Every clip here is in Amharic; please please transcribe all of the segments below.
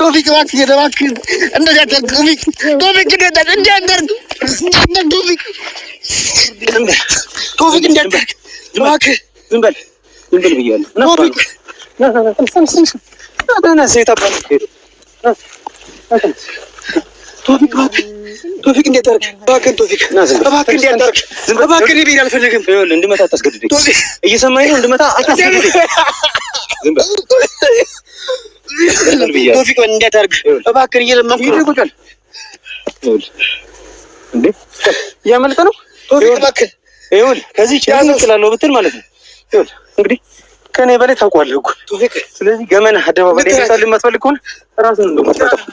ቶፊክ እባክህ እባክህ እንደዚህ አትበል። ቶፊክ ቶፊክ እንደት እንደ አንደርግ እንደ ቶፊክ ቶፊክ እንደ አንደርግ እባክህ ዝም በል ዝም በል ብያለሁ። ቶፊክ ቶፊክ እንደ አንደርግ እባክህን ቶፊክ እባክህ እንደ አንደርግ እባክህ ቤት አልፈልግም። ይኸውልህ እንድመታ አታስገድደኝ። እየሰማኸኝ ነው? እንድመታ አታስገድደኝ። ዝም በል ቶፊቅ እያመለጠ ነው ከዚህ ቻንስ ብትል ማለት ነው። እንግዲህ ከኔ በላይ ታውቀዋለህ እኮ ቶፊቅ። ስለዚህ ገመና አደባባይ ላይ ሳል የማትፈልግ ከሆነ ራስን እንደማታውቀው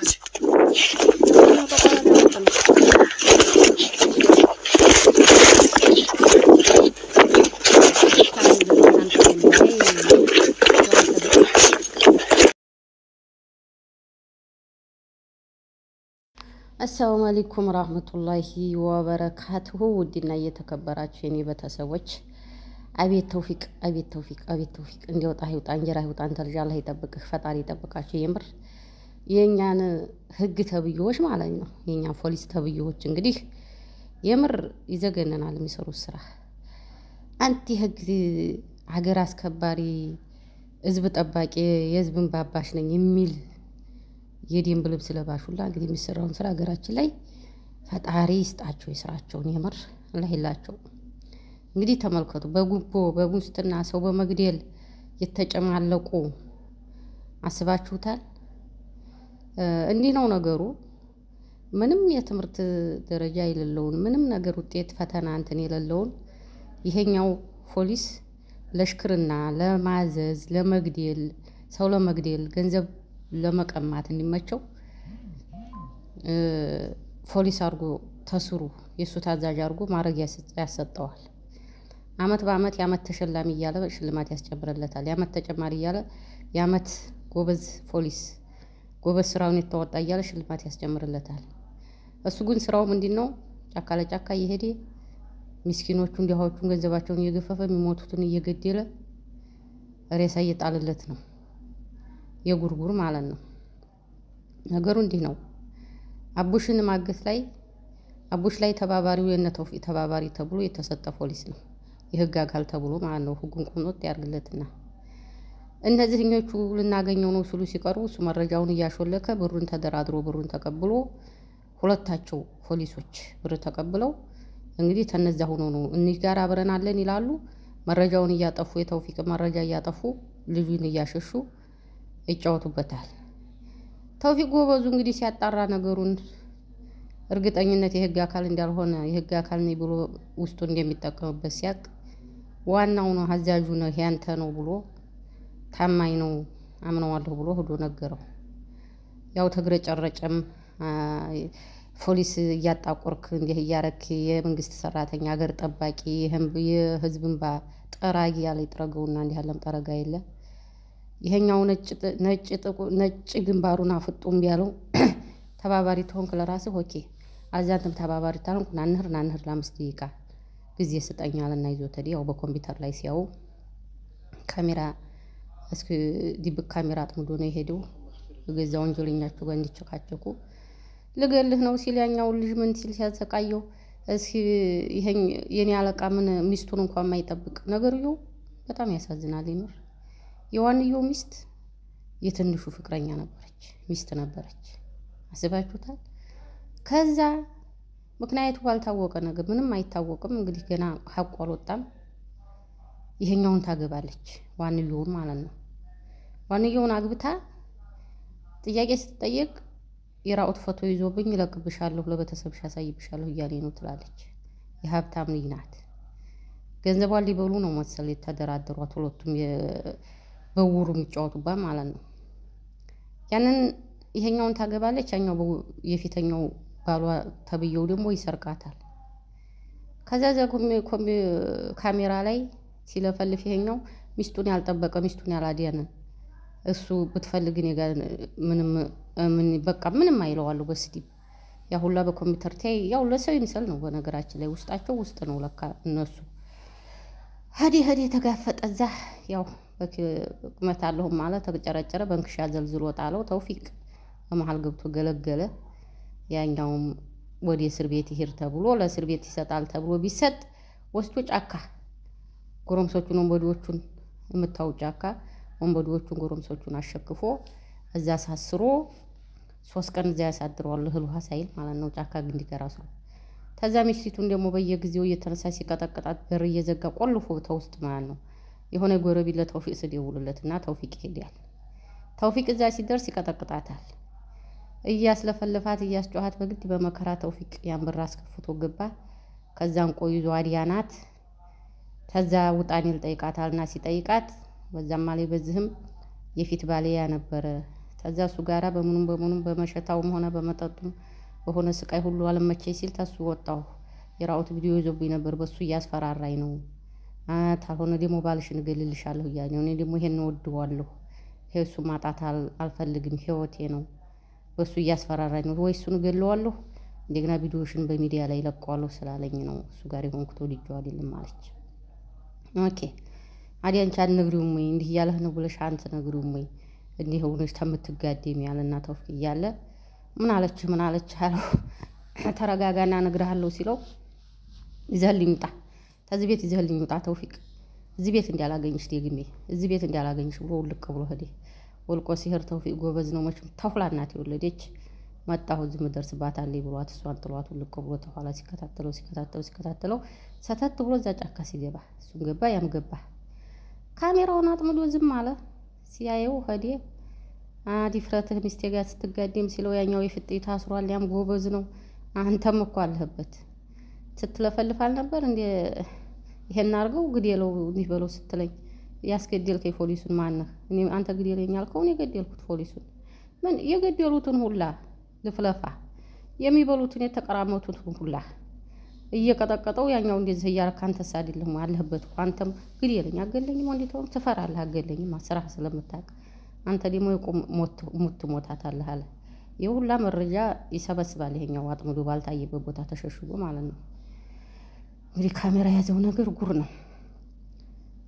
አሰላሙ አለይኩም ራህመቱላሂ ወበረካትሁ። ውድና እየተከበራችሁ የኔ ቤተሰቦች አቤት ተውፊቅ፣ አቤት ተውፊቅ፣ አቤት ተውፊቅ እንዲወጣ ይውጣ፣ እንጀራ ይውጣ፣ አንተ ልጅ አላህ ይጠብቅህ፣ ፈጣሪ ይጠብቃችሁ። የምር የእኛን ህግ ተብዬዎች ማለት ነው የእኛን ፖሊስ ተብዬዎች እንግዲህ የምር ይዘገነናል የሚሰሩት ስራ። አንቲ ህግ ሀገር አስከባሪ ህዝብ ጠባቂ የህዝብን ባባሽ ነኝ የሚል የደንብ ልብስ ለባሹላ እንግዲህ የሚሰራውን ስራ ሀገራችን ላይ ፈጣሪ ይስጣቸው፣ የስራቸውን የምር ላይላቸው። እንግዲህ ተመልከቱ፣ በጉቦ በሙስትና ሰው በመግደል የተጨማለቁ አስባችሁታል። እንዲህ ነው ነገሩ። ምንም የትምህርት ደረጃ የሌለውን ምንም ነገር ውጤት ፈተና እንትን የሌለውን ይሄኛው ፖሊስ ለሽክርና ለማዘዝ ለመግደል ሰው ለመግደል ገንዘብ ለመቀማት እንዲመቸው ፖሊስ አድርጎ ተስሩ የእሱ ታዛዥ አድርጎ ማድረግ ያሰጠዋል። አመት በአመት የአመት ተሸላሚ እያለ ሽልማት ያስጨምረለታል። የአመት ተጨማሪ እያለ የአመት ጎበዝ ፖሊስ ጎበዝ ስራውን የተወጣ እያለ ሽልማት ያስጨምርለታል። እሱ ግን ስራው ምንድን ነው? ጫካ ለጫካ እየሄደ ሚስኪኖቹን ድሃዎቹን ገንዘባቸውን እየገፈፈ የሚሞቱትን እየገደለ ሬሳ እየጣለለት ነው። የጉርጉር ማለት ነው። ነገሩ እንዲህ ነው። አቡሽን ማገት ላይ አቡሽ ላይ ተባባሪው የነ ተውፊቅ ተባባሪ ተብሎ የተሰጠ ፖሊስ ነው፣ የህግ አካል ተብሎ ማለት ነው። ህጉን ቁምኖት ያርግለትና እነዚህኞቹ ልናገኘው ነው ሲሉ ሲቀርቡ እሱ መረጃውን እያሾለከ ብሩን ተደራድሮ ብሩን ተቀብሎ ሁለታቸው ፖሊሶች ብር ተቀብለው እንግዲህ ተነዛ ሆኖ ነው እኒህ ጋር አብረናለን ይላሉ። መረጃውን እያጠፉ የተውፊቅ መረጃ እያጠፉ ልጁን እያሸሹ ይጫወቱበታል። ተውፊቅ ጎበዙ እንግዲህ ሲያጣራ ነገሩን እርግጠኝነት የህግ አካል እንዳልሆነ የህግ አካል ነኝ ብሎ ውስጡ እንደሚጠቀምበት ሲያቅ ዋናው ነው አዛዡ ነው ያንተ ነው ብሎ ታማኝ ነው አምነዋለሁ ብሎ ህዶ ነገረው። ያው ተግረጨረጨም ፖሊስ እያጣቆርክ እንዲህ እያረክ የመንግስት ሰራተኛ ሀገር ጠባቂ የህዝብ እንባ ጠራጊ ያለ ይጥረገውና እንዲህ ያለም ጠረጋ የለ ይሄኛው ነጭ ግንባሩን አፍጡም ቢያለው ተባባሪ ተሆንክ ለራስህ ኦኬ አዚያንትም ተባባሪ ታልሆንኩ ናንህር ናንህር ለአምስት ደቂቃ ጊዜ ስጠኝ አለና ይዞ ተዲ ያው በኮምፒውተር ላይ ሲያው ካሜራ እስኪ ድብቅ ካሜራ አጥምዶ ነው የሄደው። ገዛ ወንጀለኛቸው ጋር እንዲቸካቸኩ ልገልህ ነው ሲል ያኛው ልጅ ምን ሲል ሲያሰቃየው እስኪ ይሄን የኔ አለቃ ምን ሚስቱን እንኳን የማይጠብቅ ነገር በጣም ያሳዝናል የምር። የዋንየው ሚስት የትንሹ ፍቅረኛ ነበረች፣ ሚስት ነበረች። አስባችሁታል? ከዛ ምክንያቱ ባልታወቀ ነገር ምንም አይታወቅም። እንግዲህ ገና ሀቁ አልወጣም። ይሄኛውን ታገባለች፣ ዋንዮውን ማለት ነው። ዋንየውን አግብታ ጥያቄ ስትጠየቅ የራቁት ፎቶ ይዞብኝ ይለቅብሻለሁ፣ ለቤተሰብሽ አሳይብሻለሁ እያሌ ነው ትላለች። የሀብታም ልጅ ናት። ገንዘቧን ሊበሉ ነው መሰል የተደራደሯት ሁለቱም በውሩ የሚጫወቱባት ማለት ነው። ያንን ይሄኛውን ታገባለች፣ ያኛው የፊተኛው ባሏ ተብዬው ደግሞ ይሰርቃታል። ከዚያ ካሜራ ላይ ሲለፈልፍ ይሄኛው ሚስቱን ያልጠበቀ ሚስቱን ያላዲያን እሱ ብትፈልግን እኔ በቃ ምንም አይለዋሉ በስድብ ያ ሁላ በኮምፒውተር ታይ ያው ለሰው ይምሰል ነው። በነገራችን ላይ ውስጣቸው ውስጥ ነው ለካ እነሱ ሀዲ ሀዲ ተጋፈጠ እዛ ያው ቁመት አለሁም አለ ተጨረጨረ፣ በእንክሻ ዘልዝሎ ጣለው። ተውፊቅ በመሀል ገብቶ ገለገለ። ያኛውም ወደ እስር ቤት ይሄድ ተብሎ ለእስር ቤት ይሰጣል ተብሎ ቢሰጥ ወስዶ ጫካ ጎረምሶቹን ወንበዴዎቹን የምታው ጫካ ወንበዴዎቹን ጎረምሶቹን አሸክፎ እዛ ሳስሮ ሶስት ቀን እዛ ያሳድረዋል። እህል ውሃ ሳይል ማለት ነው። ጫካ ግንድ ጋር አስሮ ተዛ ሚስቲቱን ደግሞ በየጊዜው እየተነሳ ሲቀጠቅጣት በር እየዘጋ ቆልፎ ተውስጥ ማለት ነው። የሆነ ጎረቤት ለተውፊቅ ስደውሉለትና ተውፊቅ ይሄዳል። ተውፊቅ እዛ ሲደርስ ይቀጠቅጣታል። እያስለፈልፋት እያስጨዋት በግድ በመከራ ተውፊቅ ያን ብር አስከፍቶ ገባ። ከዛን ዘዋዲያ ናት። ከዛ ውጣኔ ልጠይቃታልና ሲጠይቃት በዛም ላይ በዚህም የፊት ባልያ ነበረ። ከዛ እሱ ጋራ በምኑም በምኑም በመሸታውም ሆነ በመጠጡም በሆነ ስቃይ ሁሉ አለመቼ ሲል ተሱ ወጣሁ። የራውት ቪዲዮ ይዞብኝ ነበር። በሱ እያስፈራራኝ ነው ካልሆነ ደግሞ ባልሽን እገልልሻለሁ እያለ ነው። እኔ ደግሞ ይሄን ወድዋለሁ፣ ይሄ እሱ ማጣት አልፈልግም ህይወቴ ነው። በሱ እያስፈራራኝ ነው ወይ እሱን እገለዋለሁ እንደገና ቪዲዮሽን በሚዲያ ላይ ለቀዋለሁ ስላለኝ ነው እሱ ጋር የሆንኩት ወድጄው አይደለም አለች። ኦኬ ታዲያ አንቺ አትነግሪውም ወይ እንዲህ እያለህ ነው ብለሽ አንተ አትነግሪውም ወይ እንዲህ ሆነሽ ከምትጋደሚ ያለና ተውፊቅ እያለ ምን አለች ምን አለች አለው ተረጋጋና እነግርሃለሁ ሲለው ይዘህልኝ ውጣ ከዚህ ቤት ይዘህልኝ ውጣ ተውፊቅ፣ እዚህ ቤት እንዲያላገኝሽ ደግሜ እዚህ ቤት እንዲያላገኝሽ ብሎ ውልቅ ብሎ ሄደ። ወልቆ ሲሄድ ተውፊቅ ጎበዝ ነው መቼም ተሁላ እናት የወለደች መጣሁ እዚህ ምደርስባት አለ ብሏት እሷን ጥሏት ውልቅ ብሎ ተኋላ ሲከታተለው ሲከታተለው ሲከታተለው ሰተት ብሎ እዛ ጫካ ሲገባ እሱን ገባ ያም ገባ። ካሜራውን አጥምዶ ዝም አለ። ሲያየው ሄደ። ዲፍረትህ ሚስቴ ጋር ስትጋደም ሲለው ያኛው የፍጥኝ ታስሯል፣ ያም ጎበዝ ነው። አንተም እኮ አለህበት ስትለፈልፍ አልነበር እንዴ? ይሄን አድርገው ግዴለው እንዲህ በለው ስትለኝ ያስገደልከኝ ፖሊሱን ማነህ? እኔ አንተ ግዴለኝ ያልከውን የገደልኩት ፖሊሱን ምን የገደሉትን ሁላ ልፍለፋ የሚበሉትን የተቀራመቱትን ሁላ እየቀጠቀጠው ያኛው እንደዚህ እያደረክ አንተስ አይደለም አለህበት እኮ አንተም ግዴለኝ አገለኝም እንዴትም ትፈራለህ። አገለኝማ ስራ ስለምታውቅ አንተ ደግሞ ሙት ሞታት አለህ አለ። የሁላ መረጃ ይሰበስባል። ይሄኛው አጥምዶ ባልታየበት ቦታ ተሸሽጎ ማለት ነው። እንግዲህ ካሜራ የያዘው ነገር ጉር ነው።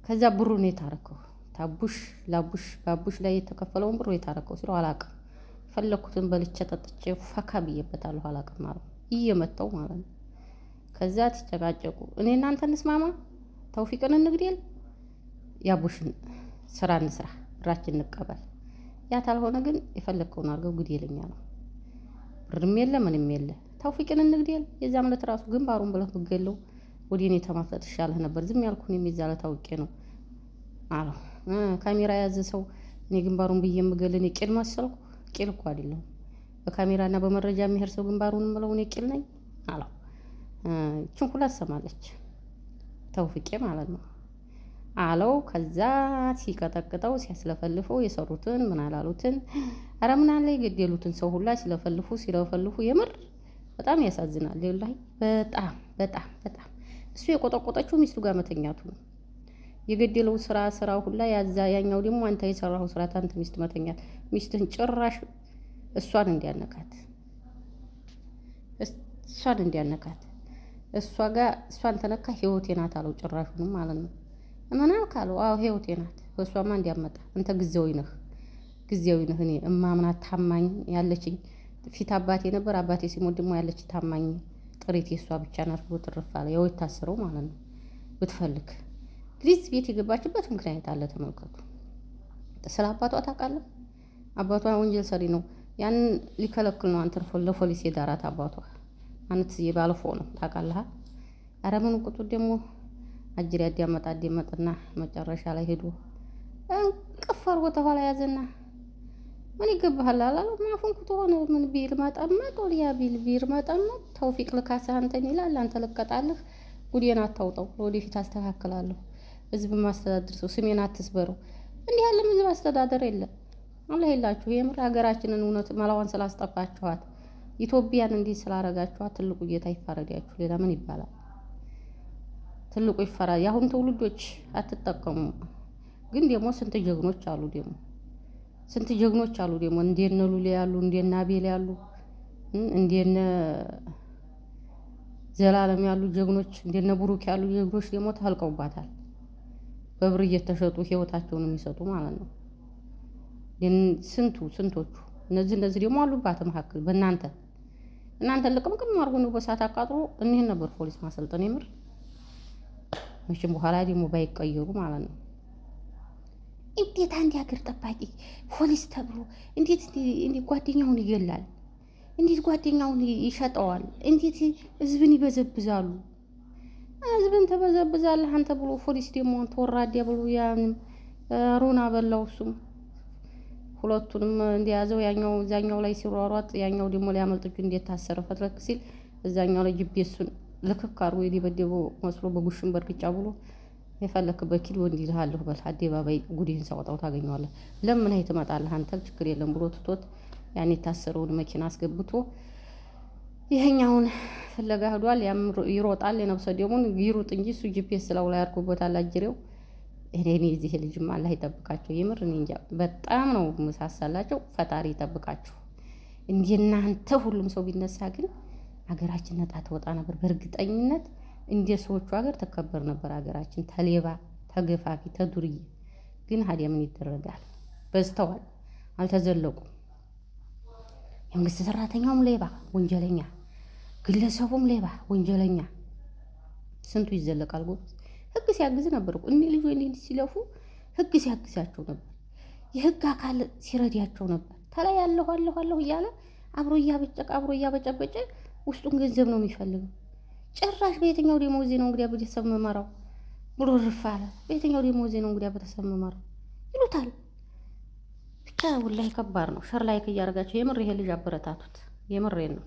ከዛ ብሩ ነው የታረከው። ታቡሽ ላቡሽ ባቡሽ ላይ የተከፈለውን ብሩ የታረከው ሲለው አላቅም ፈለኩትን በልቼ ጠጥቼ ፈካ ብዬበታለሁ። አላቅም አለ እየመጣው ማለት ነው። ከዛ ትጨቃጨቁ እኔ እናንተ እንስማማ፣ ተውፊቅን እንግዲል፣ ያቡሽን ስራ እንስራ፣ ብራችን እንቀበል። ያ ታልሆነ ግን የፈለግከውን አድርገው ግዴለኛ ነው። ብርም የለ ምንም የለ፣ ተውፊቅን እንግዲል፣ የዛም ምለት ራሱ ግንባሩን ብለህ ብገለው ወደ እኔ ተማፍጠጥ ይሻልህ ነበር። ዝም ያልኩን የሚዛለ ታውቄ ነው አለው። ካሜራ የያዘ ሰው እኔ ግንባሩን ብዬ የምገል እኔ ቄል መሰልኩ? ቄል እኮ አይደለም። በካሜራና በመረጃ የሚሄድ ሰው ግንባሩን ምለው እኔ ቄል ነኝ አለው። ችንኩላ ሰማለች ተውፍቄ ማለት ነው አለው። ከዛ ሲቀጠቅጠው ሲያስለፈልፈው የሰሩትን ምን አላሉትን ኧረ ምን አለ የገደሉትን ሰው ሁላ ሲለፈልፉ ሲለፈልፉ የምር በጣም ያሳዝናል። ላይ በጣም በጣም በጣም እሱ የቆጠቆጠችው ሚስቱ ጋር መተኛቱ ነው። የገደለው ስራ ስራ ሁላ ያዛ ያኛው ደግሞ አንተ የሰራው ስራ ታንተ ሚስት መተኛት ሚስትን ጭራሽ እሷን እንዲያነካት እሷን እንዲያነካት እሷ ጋር እሷን ተነካ ህይወቴ ናት አለው። ጭራሹንም ማለት ነው እመናል ካለው አዎ ህይወቴ ናት። እሷማ እንዲያመጣ አንተ ጊዜያዊ ነህ፣ ጊዜያዊ ነህ። እኔ እማምናት ታማኝ ያለችኝ ፊት አባቴ ነበር። አባቴ ሲሞት ደግሞ ያለች ታማኝ ጥሪት የእሷ ብቻ ናት ብሎ ትርፍ አለ። ያው የታሰረው ማለት ነው። ብትፈልግ ግሪስ ቤት የገባችበት ምክንያት አለ። ተመልከቱ። ስለ አባቷ ታውቃለህ? አባቷ ወንጀል ሰሪ ነው። ያንን ሊከለክል ነው። አንተን ለፖሊስ የዳራት አባቷ አንት የባለፎ ነው። ታውቃለህ? ኧረ ምን ቁጡ ደግሞ አጅሬ አዳመጣ አዳመጥና መጨረሻ ላይ ሄዶ እንቅፍ አድርጎ ተኋላ ያዘና ምን ይገባሃል አላለ አፉን ኩት ሆነ ምን ቢል መጠመጥ ወዲያ ቢል ቢር መጠመጥ ተውፊቅ ልካስህ አንተን ይላል። አንተ ልቀጣልህ። ጉዴን አታውጠው፣ ወደፊት አስተካክላለሁ። ህዝብ ማስተዳድር ሰው ስሜን አትስበረው። እንዲህ ያለ ህዝብ አስተዳደር የለም። አላህ የላችሁ የምር ሀገራችንን እውነት መላዋን ስላስጠፋችኋት ኢትዮጵያን እንዲህ ስላረጋችኋት ትልቁ ጌታ ይፋረዳችሁ። ሌላ ምን ይባላል? ትልቁ ይፈራ። የአሁኑ ትውልዶች አትጠቀሙ። ግን ደግሞ ስንት ጀግኖች አሉ ደግሞ ስንት ጀግኖች አሉ ደግሞ እንደነ ሉሌ ያሉ እንደነ አቤል ያሉ እንደነ ዘላለም ያሉ ጀግኖች እንደነ ብሩክ ያሉ ጀግኖች ደግሞ ተልቀውባታል። በብር እየተሸጡ ህይወታቸውን የሚሰጡ ማለት ነው። ስንቱ ስንቶቹ እነዚህ እነዚህ ደግሞ አሉባት መካከል በእናንተ እናንተ ልቅምቅም አድርጎ ነው በሳት አቃጥሮ እኒህን ነበር ፖሊስ ማሰልጠን የምር መቼም በኋላ ደግሞ ባይቀየሩ ማለት ነው። እንዴት አንድ ሀገር ጠባቂ ፖሊስ ተብሎ እንዴት እንዴት ጓደኛውን ይገላል? እንዴት ጓደኛውን ይሸጠዋል? እንዴት ህዝብን ይበዘብዛሉ? ህዝብን ተበዘብዛለህ አንተ ብሎ ፖሊስ ደግሞ አንተ ወራዳ ብሎ ያንም ሩና በላው። እሱም ሁለቱንም እንደያዘው ያኛው እዛኛው ላይ ሲሯሯጥ ያኛው ደግሞ ሊያመልጥ እጁ ታሰረ ፈትለክ ሲል እዛኛው ላይ ጅቤ እሱን ልክክ አድርጎ የደበደበው መስሎ በጉሽም በእርግጫ ብሎ የፈለክበት ኪድ ወንድ ይልሃለሁ በል አደባባይ ጉዲህን ሰውጣው ታገኘዋለህ። ለምን አይ ትመጣለህ አንተም ችግር የለም ብሎ ትቶት ያን የታሰረውን መኪና አስገብቶ ይሄኛውን ፍለጋ ሄዷል። ያም ይሮጣል። የነብሰ ደሙን ይሩጥ እንጂ እሱ ጂፒኤስ ስለው ላይ አድርጎበታል አጅሬው። እኔ እዚህ ልጅም አላህ ይጠብቃቸው። የምር እኔ እንጃ በጣም ነው መሳሳላቸው። ፈጣሪ ይጠብቃቸው። እንዲህ እናንተ ሁሉም ሰው ቢነሳ ግን አገራችን ነጣ ተወጣ ነበር በእርግጠኝነት። እንደ ሰዎቹ ሀገር ተከበር ነበር ሀገራችን። ተሌባ፣ ተገፋፊ፣ ተዱርዬ ግን ሀዲያ ምን ይደረጋል? በዝተዋል፣ አልተዘለቁም። የመንግስት ሰራተኛውም ሌባ ወንጀለኛ፣ ግለሰቡም ሌባ ወንጀለኛ። ስንቱ ይዘለቃል ጎበዝ። ህግ ሲያግዝ ነበር እኔ ልጅ ወይ ሲለፉ ህግ ሲያግዛቸው ነበር። የህግ አካል ሲረዳቸው ነበር። ተላይ አለሁ አለሁ አለሁ እያለ አብሮ እያበጨቀ አብሮ እያበጨበጨ ውስጡን ገንዘብ ነው የሚፈልገው። ጭራሽ በየትኛው ደሞዜ ነው እንግዲያ ቤተሰብ መመራው ብሎ ርፍ አለ። በየትኛው ደሞዜ ነው እንግዲያ ቤተሰብ መመራው ይሉታል። ብቻ ውላይ ከባድ ነው። ሸር ላይክ እያደረጋቸው የምር ይሄ ልጅ አበረታቱት። የምሬን ነው።